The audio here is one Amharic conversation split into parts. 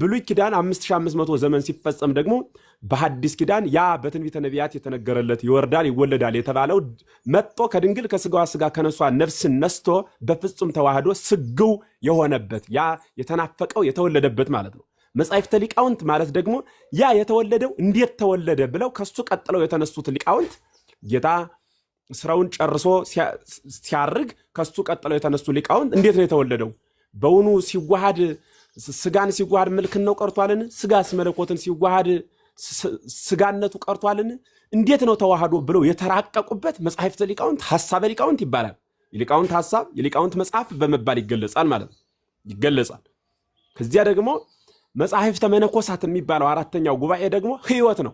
ብሉይ ኪዳን 5500 ዘመን ሲፈጸም ደግሞ በሐዲስ ኪዳን ያ በትንቢተ ነቢያት የተነገረለት ይወርዳል ይወለዳል የተባለው መጦ ከድንግል ከስጋዋ ስጋ ከነሷ ነፍስን ነስቶ በፍጹም ተዋህዶ ስግው የሆነበት ያ የተናፈቀው የተወለደበት ማለት ነው። መጻሕፍተ ሊቃውንት ማለት ደግሞ ያ የተወለደው እንዴት ተወለደ ብለው ከሱ ቀጥለው የተነሱት ሊቃውንት ጌታ ስራውን ጨርሶ ሲያርግ ከሱ ቀጥለው የተነሱ ሊቃውንት እንዴት ነው የተወለደው በውኑ ሲዋሃድ ስጋን ሲዋሃድ መልክን ነው ቀርቷልን? ስጋስ መለኮትን ሲዋሃድ ስጋነቱ ቀርቷልን? እንዴት ነው ተዋህዶ ብለው የተራቀቁበት መጽሐፍተ ሊቃውንት ሀሳበ ሊቃውንት ይባላል። የሊቃውንት ሀሳብ የሊቃውንት መጽሐፍ በመባል ይገለጻል ማለት ነው ይገለጻል። ከዚያ ደግሞ መጽሐፍተ መነኮሳት የሚባለው አራተኛው ጉባኤ ደግሞ ህይወት ነው።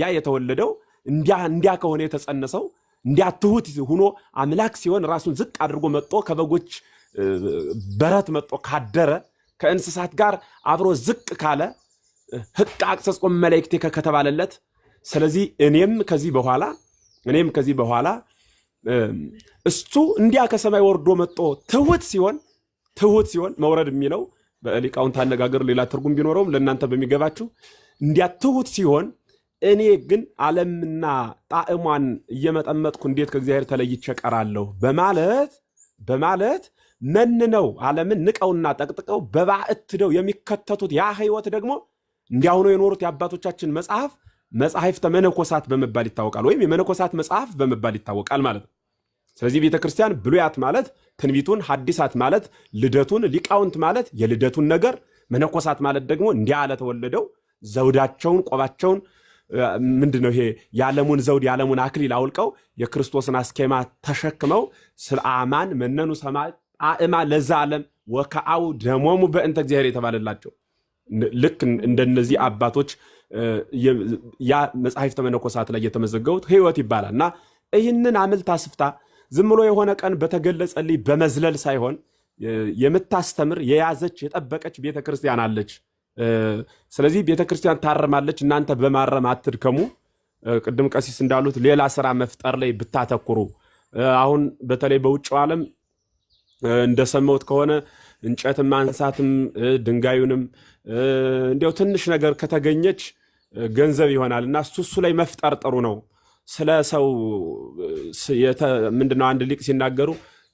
ያ የተወለደው እንዲያ እንዲያ ከሆነ የተጸነሰው እንዲያ ትሁት ሁኖ አምላክ ሲሆን ራሱን ዝቅ አድርጎ መጦ ከበጎች በረት መጦ ካደረ ከእንስሳት ጋር አብሮ ዝቅ ካለ ህቅ አቅሰጽቆ መላእክቴከ ከተባለለት ስለዚህ እኔም ከዚህ በኋላ እኔም ከዚህ በኋላ እሱ እንዲያ ከሰማይ ወርዶ መጦ ትሁት ሲሆን ትሁት ሲሆን መውረድ የሚለው በሊቃውንት አነጋገር ሌላ ትርጉም ቢኖረውም ለእናንተ በሚገባችሁ እንዲያ ትሁት ሲሆን እኔ ግን ዓለምና ጣዕሟን እየመጠመጥኩ እንዴት ከእግዚአብሔር ተለይቼ ቀራለሁ በማለት በማለት መንነው ዓለምን ንቀውና ጠቅጥቀው በባዕት ደው የሚከተቱት ያ ህይወት ደግሞ እንዲያሁኑ የኖሩት የአባቶቻችን መጽሐፍ መጽሐፍተ መነኮሳት በመባል ይታወቃል፣ ወይም የመነኮሳት መጽሐፍ በመባል ይታወቃል ማለት ነው። ስለዚህ ቤተ ክርስቲያን ብሉያት ማለት ትንቢቱን፣ ሐዲሳት ማለት ልደቱን፣ ሊቃውንት ማለት የልደቱን ነገር፣ መነኮሳት ማለት ደግሞ እንዲያ ለተወለደው ዘውዳቸውን፣ ቆባቸውን ምንድን ነው ይሄ የዓለሙን ዘውድ የዓለሙን አክሊል አውልቀው የክርስቶስን አስኬማ ተሸክመው ስለ አማን መነኑ ሰማይ አእማ ለዛ ዓለም ወከአው ደሞሙ በእንተ እግዚአብሔር የተባለላቸው ልክ እንደነዚህ አባቶች ያ መጽሐፍ ተመነኮሳት ላይ የተመዘገቡት ህይወት ይባላል እና ይህንን አምልታ ስፍታ ዝም ብሎ የሆነ ቀን በተገለጸልኝ በመዝለል ሳይሆን የምታስተምር የያዘች የጠበቀች ቤተ ክርስቲያን አለች። ስለዚህ ቤተ ክርስቲያን ታርማለች። እናንተ በማረም አትድከሙ። ቅድም ቀሲስ እንዳሉት ሌላ ስራ መፍጠር ላይ ብታተኩሩ። አሁን በተለይ በውጭው ዓለም እንደሰማሁት ከሆነ እንጨትም ማንሳትም ድንጋዩንም እንዲያው ትንሽ ነገር ከተገኘች ገንዘብ ይሆናል እና እሱ እሱ ላይ መፍጠር ጥሩ ነው። ስለ ሰው ምንድነው አንድ ሊቅ ሲናገሩ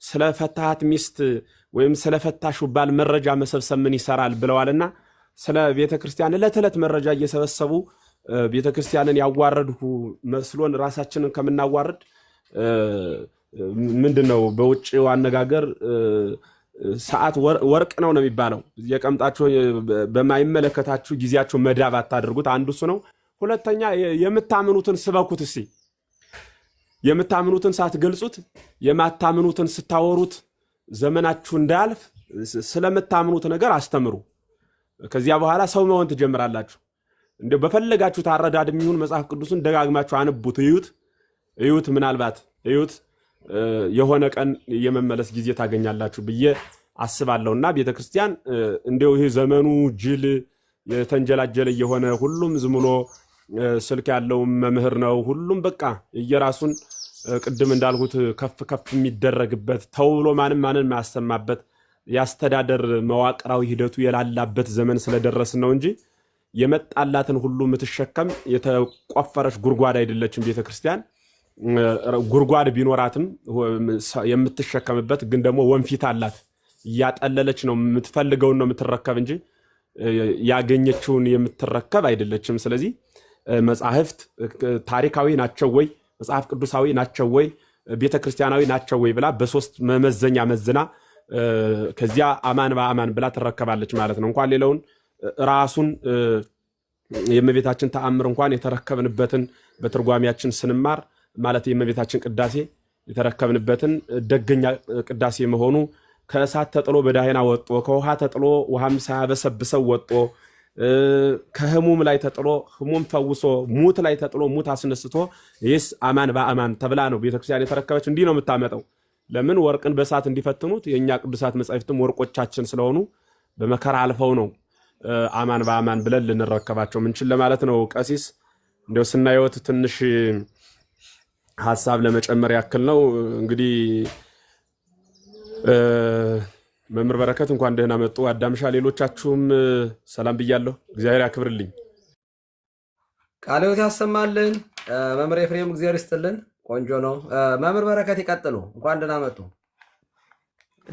ስለ ፈታሃት ሚስት ወይም ስለ ፈታሹ ባል መረጃ መሰብሰብ ምን ይሰራል ብለዋልና ስለ ቤተ ክርስቲያን ዕለት ዕለት መረጃ እየሰበሰቡ ቤተ ክርስቲያንን ያዋረድሁ መስሎን ራሳችንን ከምናዋርድ ምንድን ነው በውጭው አነጋገር ሰዓት ወርቅ ነው ነው የሚባለው። የቀምጣችሁ በማይመለከታችሁ ጊዜያችሁ መዳብ አታደርጉት። አንዱ እሱ ነው። ሁለተኛ የምታምኑትን ስበኩት። እስኪ የምታምኑትን ሳትገልጹት የማታምኑትን ስታወሩት ዘመናችሁ እንዳያልፍ ስለምታምኑት ነገር አስተምሩ። ከዚያ በኋላ ሰው መሆን ትጀምራላችሁ። እንደ በፈለጋችሁት አረዳድ የሚሆን መጽሐፍ ቅዱስን ደጋግማችሁ አንቡት፣ እዩት፣ እዩት፣ ምናልባት እዩት። የሆነ ቀን የመመለስ ጊዜ ታገኛላችሁ ብዬ አስባለሁ እና ቤተ ክርስቲያን እንዲው ይህ ዘመኑ ጅል የተንጀላጀለ የሆነ ሁሉም ዝም ብሎ ስልክ ያለው መምህር ነው። ሁሉም በቃ የራሱን ቅድም እንዳልሁት ከፍ ከፍ የሚደረግበት ተው ብሎ ማንም ማንን የማያሰማበት የአስተዳደር መዋቅራዊ ሂደቱ የላላበት ዘመን ስለደረስን ነው እንጂ የመጣላትን ሁሉ የምትሸከም የተቆፈረች ጉድጓድ አይደለችም ቤተክርስቲያን። ጉድጓድ ቢኖራትም የምትሸከምበት ግን ደግሞ ወንፊት አላት። እያጠለለች ነው የምትፈልገውን ነው የምትረከብ እንጂ ያገኘችውን የምትረከብ አይደለችም። ስለዚህ መጻሕፍት ታሪካዊ ናቸው ወይ መጽሐፍ ቅዱሳዊ ናቸው ወይ ቤተ ክርስቲያናዊ ናቸው ወይ ብላ በሶስት መመዘኛ መዝና ከዚያ አማን በአማን ብላ ትረከባለች ማለት ነው። እንኳን ሌላውን ራሱን የእመቤታችን ተአምር እንኳን የተረከብንበትን በትርጓሚያችን ስንማር ማለት የእመቤታችን ቅዳሴ የተረከብንበትን ደገኛ ቅዳሴ መሆኑ ከእሳት ተጥሎ በዳህና ወጦ ከውሃ ተጥሎ ውሃም ሳያበሰብሰው ወጦ ከህሙም ላይ ተጥሎ ህሙም ፈውሶ ሙት ላይ ተጥሎ ሙት አስነስቶ ይህስ አማን በአማን ተብላ ነው ቤተክርስቲያን የተረከበች። እንዲህ ነው የምታመጠው። ለምን ወርቅን በእሳት እንዲፈትኑት የእኛ ቅዱሳት መጻሕፍትም ወርቆቻችን ስለሆኑ በመከራ አልፈው ነው አማን በአማን ብለን ልንረከባቸው ምንችል ለማለት ነው። ቀሲስ እንዲያው ስናየወት ትንሽ ሀሳብ ለመጨመር ያክል ነው። እንግዲህ መምህር በረከት እንኳን ደህና መጡ። አዳምሻ፣ ሌሎቻችሁም ሰላም ብያለሁ። እግዚአብሔር ያክብርልኝ። ቃልዮት ያሰማልን። መምህር ኤፍሬም እግዚአብሔር ይስጥልን። ቆንጆ ነው። መምህር በረከት ይቀጥሉ። እንኳን ደህና መጡ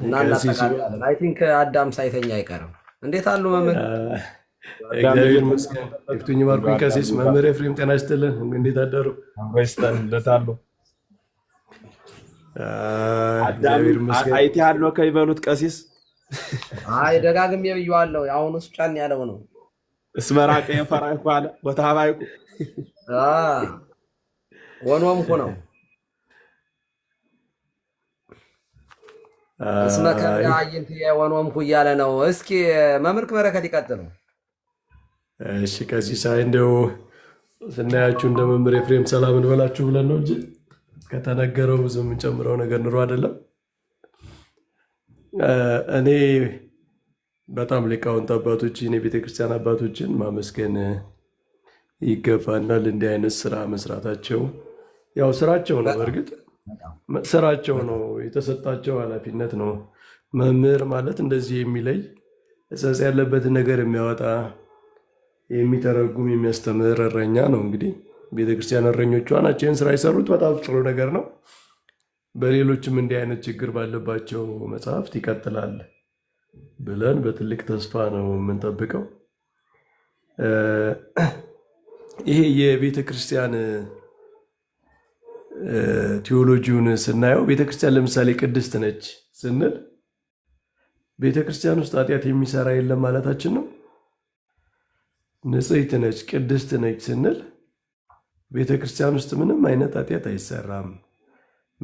እና እናጠቃለን። አይ ቲንክ አዳም ሳይተኛ አይቀርም። እንዴት አሉ መምህር? እግዚአብሔር ይመስገን። ኤፍቱኝ ማርኩኝ ቀሲስ መምህር ኤፍሬም ጤና ይስጥልን። እንዴት አደሩ? አንበስተን እንደታሉ እግዚአብሔር ይመስገን። ከይበሉት ቀሲስ አይ ደጋግሜ ብየዋለሁ። ጫን ያለው ነው። እስመ ራቀ የፈራይኩ ነው እያለ ነው። እስኪ መምርክ በረከት ይቀጥሉ። እሺ ከዚህ ሳይ እንደው ስናያችሁ እንደ መምህር ኤፍሬም ሰላም እንበላችሁ ብለን ነው እንጂ ከተነገረው ብዙ የምንጨምረው ነገር ኑሮ አይደለም። እኔ በጣም ሊቃውንት አባቶችን የቤተክርስቲያን አባቶችን ማመስገን ይገባናል። እንዲህ አይነት ስራ መስራታቸው ያው ስራቸው ነው፣ በእርግጥ ስራቸው ነው፣ የተሰጣቸው ኃላፊነት ነው። መምህር ማለት እንደዚህ የሚለይ እጸጽ ያለበትን ነገር የሚያወጣ የሚተረጉም የሚያስተምር እረኛ ነው። እንግዲህ ቤተክርስቲያን እረኞቿ ናቸው ይህን ስራ የሰሩት። በጣም ጥሩ ነገር ነው። በሌሎችም እንዲህ አይነት ችግር ባለባቸው መጽሐፍት ይቀጥላል ብለን በትልቅ ተስፋ ነው የምንጠብቀው። ይሄ የቤተ ክርስቲያን ቴዎሎጂውን ስናየው ቤተ ክርስቲያን ለምሳሌ ቅድስት ነች ስንል ቤተ ክርስቲያን ውስጥ ኃጢአት የሚሰራ የለም ማለታችን ነው። ንጽሕት ነች፣ ቅድስት ነች ስንል ቤተ ክርስቲያን ውስጥ ምንም አይነት ኃጢአት አይሰራም፣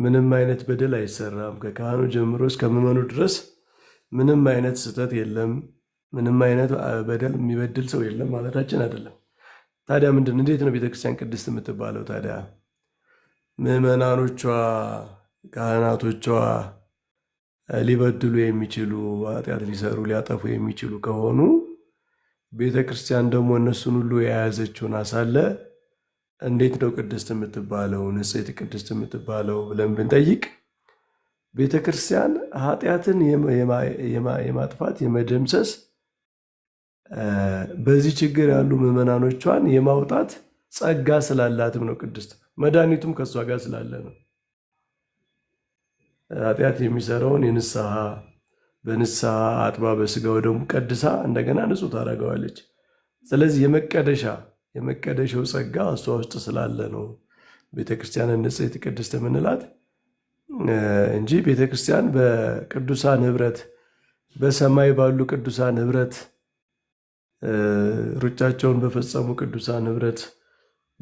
ምንም አይነት በደል አይሰራም። ከካህኑ ጀምሮ እስከ ምዕመኑ ድረስ ምንም አይነት ስህተት የለም፣ ምንም አይነት በደል የሚበድል ሰው የለም ማለታችን አይደለም። ታዲያ ምንድን እንዴት ነው ቤተክርስቲያን ቅድስት የምትባለው? ታዲያ ምዕመናኖቿ፣ ካህናቶቿ ሊበድሉ የሚችሉ ኃጢአት ሊሰሩ ሊያጠፉ የሚችሉ ከሆኑ ቤተ ክርስቲያን ደግሞ እነሱን ሁሉ የያዘችው አሳለ እንዴት ነው ቅድስት የምትባለው ንጽሕት ቅድስት የምትባለው ብለን ብንጠይቅ ቤተ ክርስቲያን ኃጢአትን የማጥፋት የመደምሰስ በዚህ ችግር ያሉ ምዕመናኖቿን የማውጣት ጸጋ ስላላትም ነው ቅድስት። መድኃኒቱም ከእሷ ጋር ስላለ ነው ኃጢአት የሚሰራውን የንስሐ በንስሐ አጥባ በስጋ ደሙ ቀድሳ እንደገና ንጹህ ታደርገዋለች። ስለዚህ የመቀደሻ የመቀደሻው ጸጋ እሷ ውስጥ ስላለ ነው ቤተክርስቲያን ክርስቲያንን ንጽሕት ቅድስት የምንላት እንጂ ቤተክርስቲያን በቅዱሳ በቅዱሳን በሰማይ ባሉ ቅዱሳን ኅብረት ሩጫቸውን በፈጸሙ ቅዱሳን ንብረት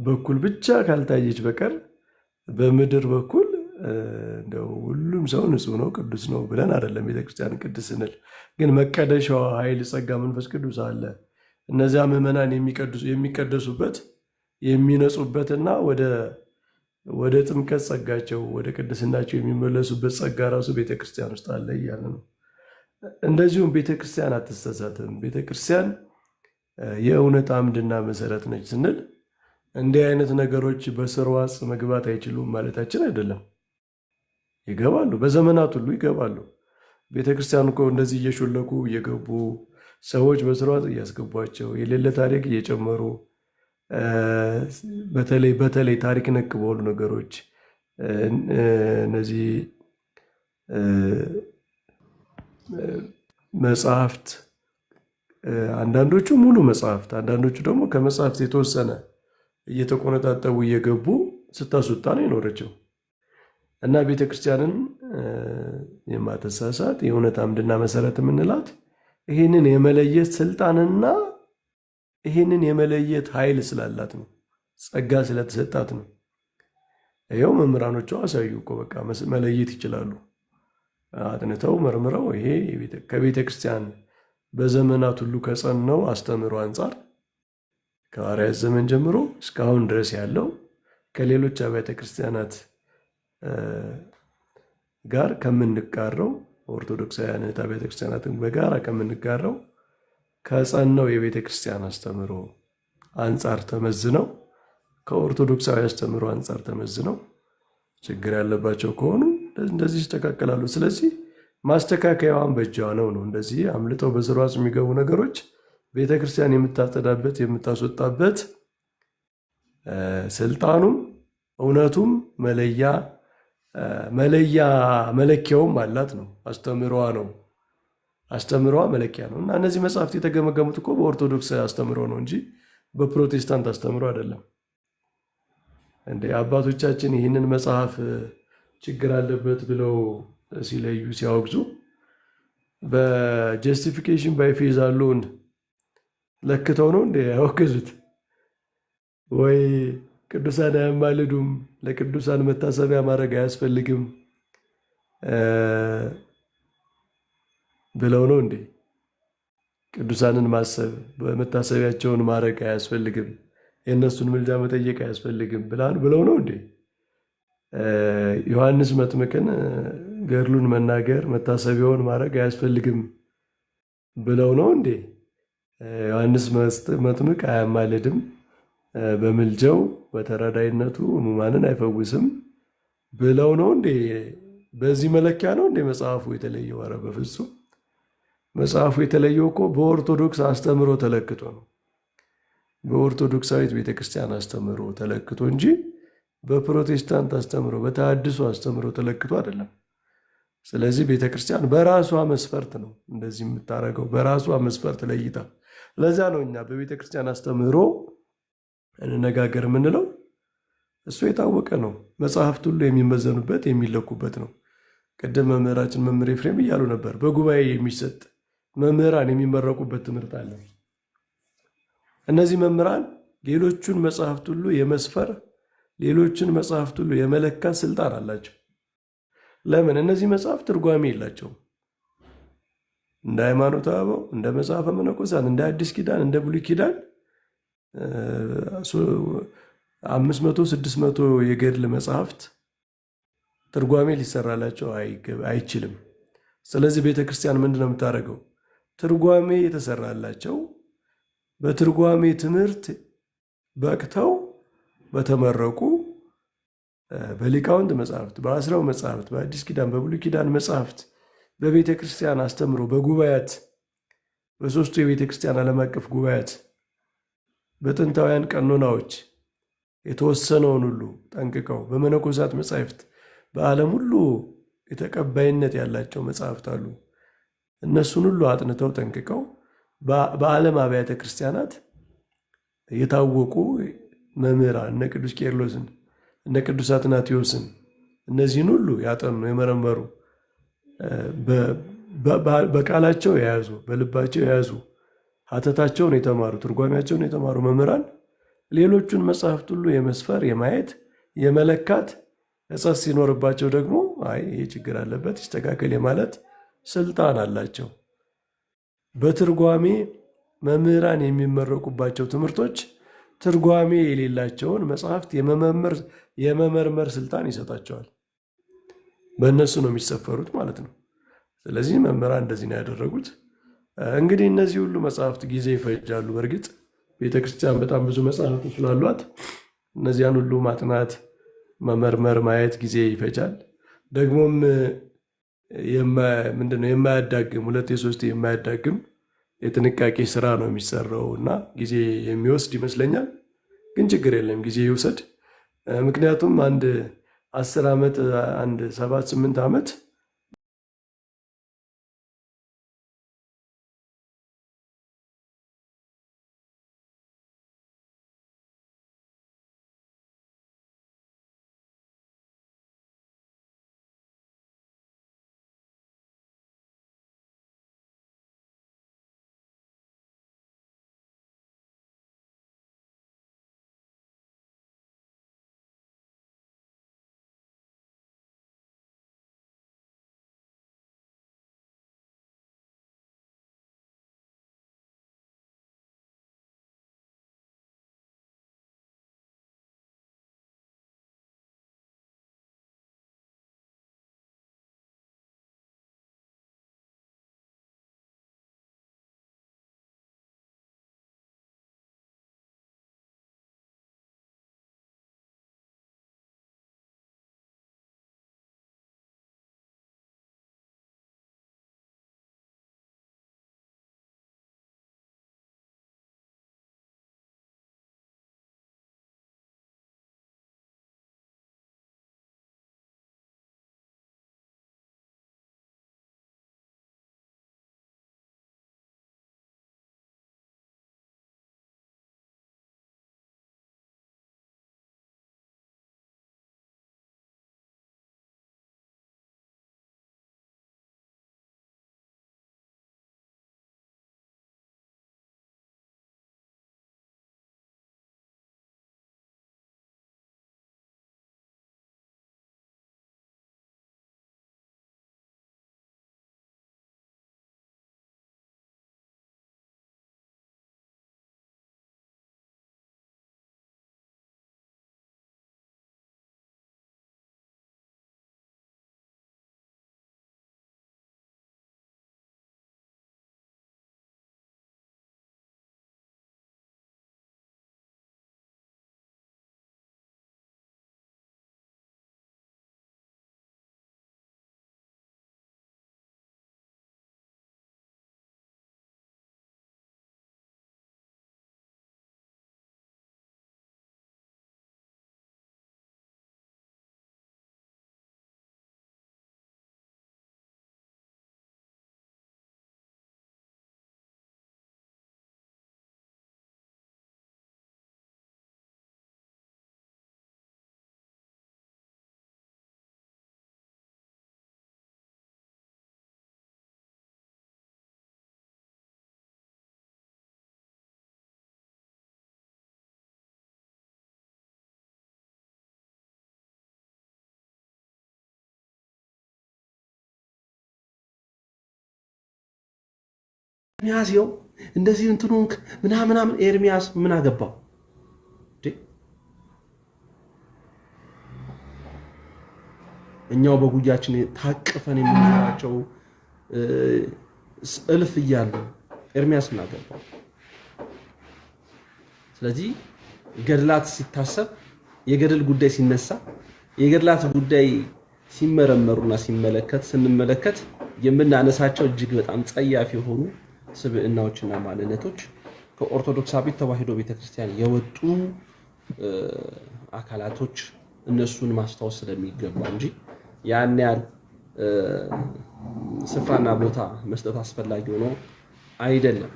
በኩል ብቻ ካልታየች በቀር በምድር በኩል እንደው ሁሉ ሁሉም ሰው ንጹህ ነው ቅዱስ ነው ብለን አይደለም ቤተክርስቲያን ቅድስ ስንል፣ ግን መቀደሻ ኃይል፣ ጸጋ፣ መንፈስ ቅዱስ አለ። እነዚያ ምዕመናን የሚቀደሱበት የሚነጹበትና ወደ ጥምቀት ጸጋቸው ወደ ቅድስናቸው የሚመለሱበት ጸጋ ራሱ ቤተክርስቲያን ውስጥ አለ እያለ ነው። እንደዚሁም ቤተክርስቲያን አትሳሳትም። ቤተክርስቲያን የእውነት አምድና መሰረት ነች ስንል እንዲህ አይነት ነገሮች በስርዋጽ መግባት አይችሉም ማለታችን አይደለም። ይገባሉ። በዘመናት ሁሉ ይገባሉ። ቤተ ክርስቲያን እኮ እንደዚህ እየሾለኩ እየገቡ ሰዎች በስርዓት እያስገቧቸው የሌለ ታሪክ እየጨመሩ በተለይ በተለይ ታሪክ ነክ በሆኑ ነገሮች እነዚህ መጽሐፍት አንዳንዶቹ ሙሉ መጽሐፍት አንዳንዶቹ ደግሞ ከመጽሐፍት የተወሰነ እየተቆነጣጠቡ እየገቡ ስታስወጣ ነው የኖረችው። እና ቤተ ክርስቲያንን የማተሳሳት የእውነት አምድና መሰረት የምንላት ይህንን የመለየት ስልጣንና ይህንን የመለየት ኃይል ስላላት ነው። ጸጋ ስለተሰጣት ነው። ይኸው መምህራኖቿ አሳዩ እኮ በቃ መለየት ይችላሉ። አጥንተው መርምረው ይሄ ከቤተ ክርስቲያን በዘመናት ሁሉ ከጸነው አስተምሮ አንጻር ከሐዋርያት ዘመን ጀምሮ እስካሁን ድረስ ያለው ከሌሎች አብያተ ክርስቲያናት ጋር ከምንጋረው ኦርቶዶክሳውያን እህት አብያተ በጋራ ከምንጋራው ከጸናው የቤተ ክርስቲያን አስተምሮ አንጻር ተመዝነው ከኦርቶዶክሳዊ አስተምሮ አንጻር ተመዝነው ችግር ያለባቸው ከሆኑ እንደዚህ ይስተካከላሉ። ስለዚህ ማስተካከያዋን በእጇ ነው ነው እንደዚህ አምልጠው በስርዓት የሚገቡ ነገሮች ቤተ ክርስቲያን የምታጸዳበት የምታስወጣበት ስልጣኑም እውነቱም መለያ መለያ መለኪያውም አላት ነው አስተምሯዋ ነው አስተምሯ መለኪያ ነው። እና እነዚህ መጽሐፍት የተገመገሙት እኮ በኦርቶዶክስ አስተምሮ ነው እንጂ በፕሮቴስታንት አስተምሮ አይደለም። እንደ አባቶቻችን ይህንን መጽሐፍ ችግር አለበት ብለው ሲለዩ ሲያወግዙ በጀስቲፊኬሽን ባይ ፌዝ ለክተው ነው እንደ ያወገዙት ወይ ቅዱሳን አያማልዱም። ለቅዱሳን መታሰቢያ ማድረግ አያስፈልግም ብለው ነው እንዴ? ቅዱሳንን ማሰብ በመታሰቢያቸውን ማድረግ አያስፈልግም፣ የእነሱን ምልጃ መጠየቅ አያስፈልግም ብለው ነው እንዴ? ዮሐንስ መጥምቅን ገድሉን መናገር መታሰቢያውን ማድረግ አያስፈልግም ብለው ነው እንዴ? ዮሐንስ መጥምቅ አያማልድም በምልጀው በተረዳይነቱ ሕሙማንን አይፈውስም ብለው ነው እንዴ? በዚህ መለኪያ ነው እንዴ መጽሐፉ የተለየው? አረ በፍጹም መጽሐፉ የተለየው እኮ በኦርቶዶክስ አስተምሮ ተለክቶ ነው። በኦርቶዶክሳዊት ቤተክርስቲያን አስተምህሮ ተለክቶ እንጂ በፕሮቴስታንት አስተምህሮ በተሐድሶ አስተምሮ ተለክቶ አይደለም። ስለዚህ ቤተክርስቲያን በራሷ መስፈርት ነው እንደዚህ የምታደርገው፣ በራሷ መስፈርት ለይታ። ለዛ ነው እኛ በቤተክርስቲያን አስተምህሮ እንነጋገር የምንለው እሱ የታወቀ ነው። መጽሐፍት ሁሉ የሚመዘኑበት የሚለኩበት ነው። ቅድም መምህራችን መምህር ፍሬም እያሉ ነበር። በጉባኤ የሚሰጥ መምህራን የሚመረቁበት ትምህርት አለ። እነዚህ መምህራን ሌሎቹን መጽሐፍት ሁሉ የመስፈር ሌሎችን መጽሐፍት ሁሉ የመለካ ስልጣን አላቸው። ለምን? እነዚህ መጽሐፍት ትርጓሜ የላቸውም። እንደ ሃይማኖተ አበው፣ እንደ መጽሐፈ መነኮሳት፣ እንደ አዲስ ኪዳን፣ እንደ ብሉይ ኪዳን አምስት መቶ ስድስት መቶ የገድል መጽሐፍት ትርጓሜ ሊሰራላቸው አይችልም። ስለዚህ ቤተ ክርስቲያን ምንድን ነው የምታደርገው? ትርጓሜ የተሰራላቸው በትርጓሜ ትምህርት በቅተው በተመረቁ በሊቃውንት መጽሐፍት፣ በአስራው መጽሐፍት፣ በአዲስ ኪዳን፣ በብሉይ ኪዳን መጽሐፍት በቤተ ክርስቲያን አስተምሮ በጉባኤያት በሶስቱ የቤተ ክርስቲያን ዓለም አቀፍ ጉባኤያት በጥንታውያን ቀኖናዎች የተወሰነውን ሁሉ ጠንቅቀው በመነኮሳት መጻሕፍት በዓለም ሁሉ የተቀባይነት ያላቸው መጽሐፍት አሉ። እነሱን ሁሉ አጥንተው ጠንቅቀው በዓለም አብያተ ክርስቲያናት የታወቁ መምህራን እነ ቅዱስ ቄርሎስን እነ ቅዱስ አትናቴዎስን እነዚህን ሁሉ ያጠኑ የመረመሩ በቃላቸው የያዙ በልባቸው የያዙ ሀተታቸውን የተማሩ ትርጓሚያቸውን የተማሩ መምህራን ሌሎቹን መጽሐፍት ሁሉ የመስፈር የማየት የመለካት እጸት ሲኖርባቸው ደግሞ አይ ይህ ችግር አለበት ይስተካከል የማለት ስልጣን አላቸው። በትርጓሜ መምህራን የሚመረቁባቸው ትምህርቶች ትርጓሜ የሌላቸውን መጽሐፍት የመመርመር ስልጣን ይሰጣቸዋል። በእነሱ ነው የሚሰፈሩት ማለት ነው። ስለዚህ መምህራን እንደዚህ ነው ያደረጉት። እንግዲህ እነዚህ ሁሉ መጽሐፍት ጊዜ ይፈጃሉ። በእርግጥ ቤተክርስቲያን በጣም ብዙ መጽሐፍት ስላሏት እነዚያን ሁሉ ማጥናት፣ መመርመር፣ ማየት ጊዜ ይፈጃል። ደግሞም ምንድነው የማያዳግም ሁለት የሶስት የማያዳግም የጥንቃቄ ስራ ነው የሚሰራው እና ጊዜ የሚወስድ ይመስለኛል። ግን ችግር የለም ጊዜ ይውሰድ። ምክንያቱም አንድ አስር ዓመት አንድ ሰባት ስምንት ዓመት ሚያዝየው እንደዚህ እንትኑን ምናምናምን ኤርሚያስ ምን አገባው? እኛው በጉያችን ታቅፈን የምንላቸው እልፍ እያሉ ኤርሚያስ ምን አገባው? ስለዚህ ገድላት ሲታሰብ የገድል ጉዳይ ሲነሳ የገድላት ጉዳይ ሲመረመሩና ሲመለከት ስንመለከት የምናነሳቸው እጅግ በጣም ጸያፍ የሆኑ ስብዕናዎችና ማንነቶች ከኦርቶዶክሳዊት ተዋሕዶ ቤተክርስቲያን የወጡ አካላቶች እነሱን ማስታወስ ስለሚገባ እንጂ ያን ያህል ስፍራና ቦታ መስጠት አስፈላጊ ሆኖ አይደለም።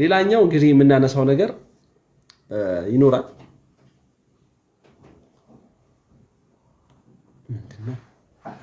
ሌላኛው እንግዲህ የምናነሳው ነገር ይኖራል።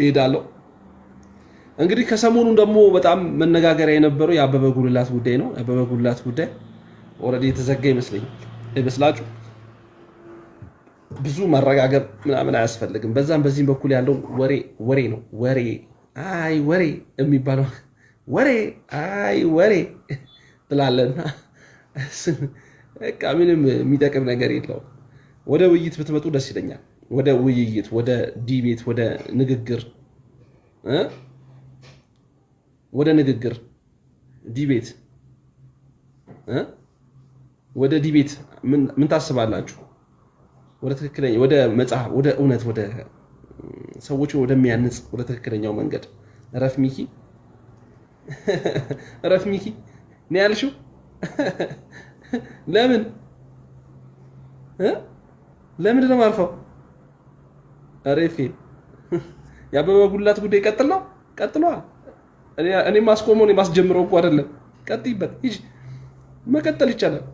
እሄዳለሁ። እንግዲህ ከሰሞኑ ደግሞ በጣም መነጋገሪያ የነበረው የአበበ ጉልላት ጉዳይ ነው። የአበበ ጉልላት ጉዳይ ኦልሬዲ የተዘጋ ይመስለኛል ይመስላችሁ ብዙ መረጋገብ ምናምን አያስፈልግም። በዛም በዚህም በኩል ያለው ወሬ ወሬ ነው። ወሬ አይ ወሬ የሚባለው ወሬ አይ ወሬ ትላለና በቃ ምንም የሚጠቅም ነገር የለውም። ወደ ውይይት ብትመጡ ደስ ይለኛል። ወደ ውይይት፣ ወደ ዲቤት፣ ወደ ንግግር ወደ ንግግር ዲቤት ወደ ዲቤት ምን ታስባላችሁ? ወደ ትክክለኛ ወደ መጽሐፍ ወደ እውነት ወደ ሰዎች ወደሚያንጽ ወደ ትክክለኛው መንገድ ረፍ ሚኪ ረፍ ሚኪ ነው ያልሽው። ለምን ለምንድን ነው የማልፈው? ሬፌ የአበበ ጉላት ጉዳይ ቀጥል ነው ቀጥሏል። እኔ ማስቆመው ነው ማስጀምረው እኮ አይደለም። ቀጥይበት፣ ሂጂ መቀጠል ይቻላል።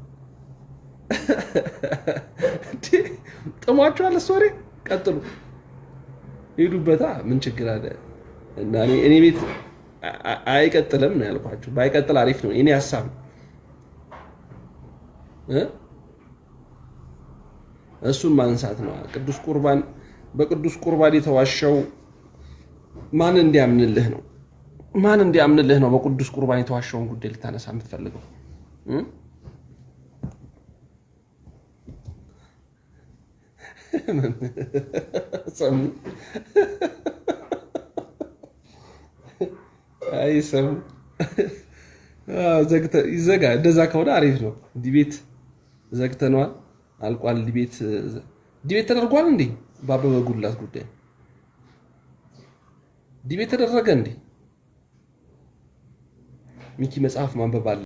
ጥሟቸዋል። ሶሪ ቀጥሉ፣ ሄዱበታ። ምን ችግር አለ? እና እኔ ቤት አይቀጥልም ነው ያልኳቸው። ባይቀጥል አሪፍ ነው እኔ ሀሳብ ነው እሱን ማንሳት ነው ቅዱስ ቁርባን በቅዱስ ቁርባን የተዋሸው ማን እንዲያምንልህ ነው? ማን እንዲያምንልህ ነው? በቅዱስ ቁርባን የተዋሸውን ጉዳይ ልታነሳ የምትፈልገው አይሰሙ ይዘጋ። እንደዛ ከሆነ አሪፍ ነው። ዲቤት ዘግተነዋል፣ አልቋል። ዲቤት ዲቤት ተደርጓል እንዴ? በአበበ ጉላት ጉዳይ ዲቤት ተደረገ እንዴ? ሚኪ መጽሐፍ ማንበብ አለ።